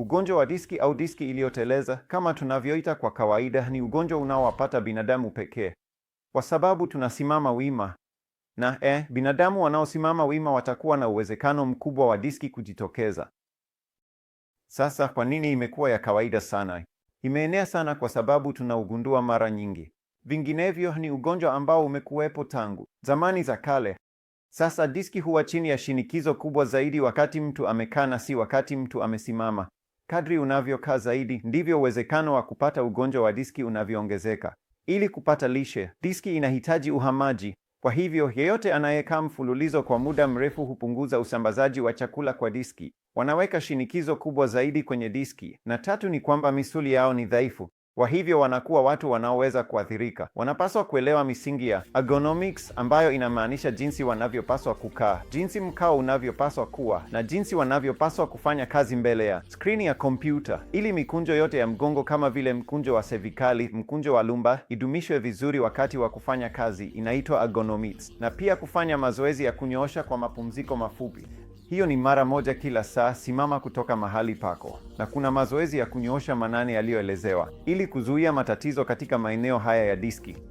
Ugonjwa wa diski au diski iliyoteleza kama tunavyoita kwa kawaida ni ugonjwa unaowapata binadamu pekee, kwa sababu tunasimama wima na eh, binadamu wanaosimama wima watakuwa na uwezekano mkubwa wa diski kujitokeza. Sasa, kwa nini imekuwa ya kawaida sana? Imeenea sana kwa sababu tunaugundua mara nyingi. Vinginevyo ni ugonjwa ambao umekuwepo tangu zamani za kale. Sasa diski huwa chini ya shinikizo kubwa zaidi wakati mtu amekaa na si wakati mtu amesimama. Kadri unavyokaa zaidi, ndivyo uwezekano wa kupata ugonjwa wa diski unavyoongezeka. Ili kupata lishe, diski inahitaji uhamaji. Kwa hivyo, yeyote anayekaa mfululizo kwa muda mrefu hupunguza usambazaji wa chakula kwa diski. Wanaweka shinikizo kubwa zaidi kwenye diski. Na tatu ni kwamba misuli yao ni dhaifu. Kwa hivyo wanakuwa watu wanaoweza kuathirika. Wanapaswa kuelewa misingi ya ergonomics ambayo inamaanisha jinsi wanavyopaswa kukaa, jinsi mkao unavyopaswa kuwa na jinsi wanavyopaswa kufanya kazi mbele ya skrini ya kompyuta, ili mikunjo yote ya mgongo kama vile mkunjo wa sevikali, mkunjo wa lumba idumishwe vizuri wakati wa kufanya kazi, inaitwa ergonomics, na pia kufanya mazoezi ya kunyoosha kwa mapumziko mafupi. Hiyo ni mara moja kila saa. Simama kutoka mahali pako, na kuna mazoezi ya kunyoosha manane yaliyoelezewa ili kuzuia matatizo katika maeneo haya ya diski.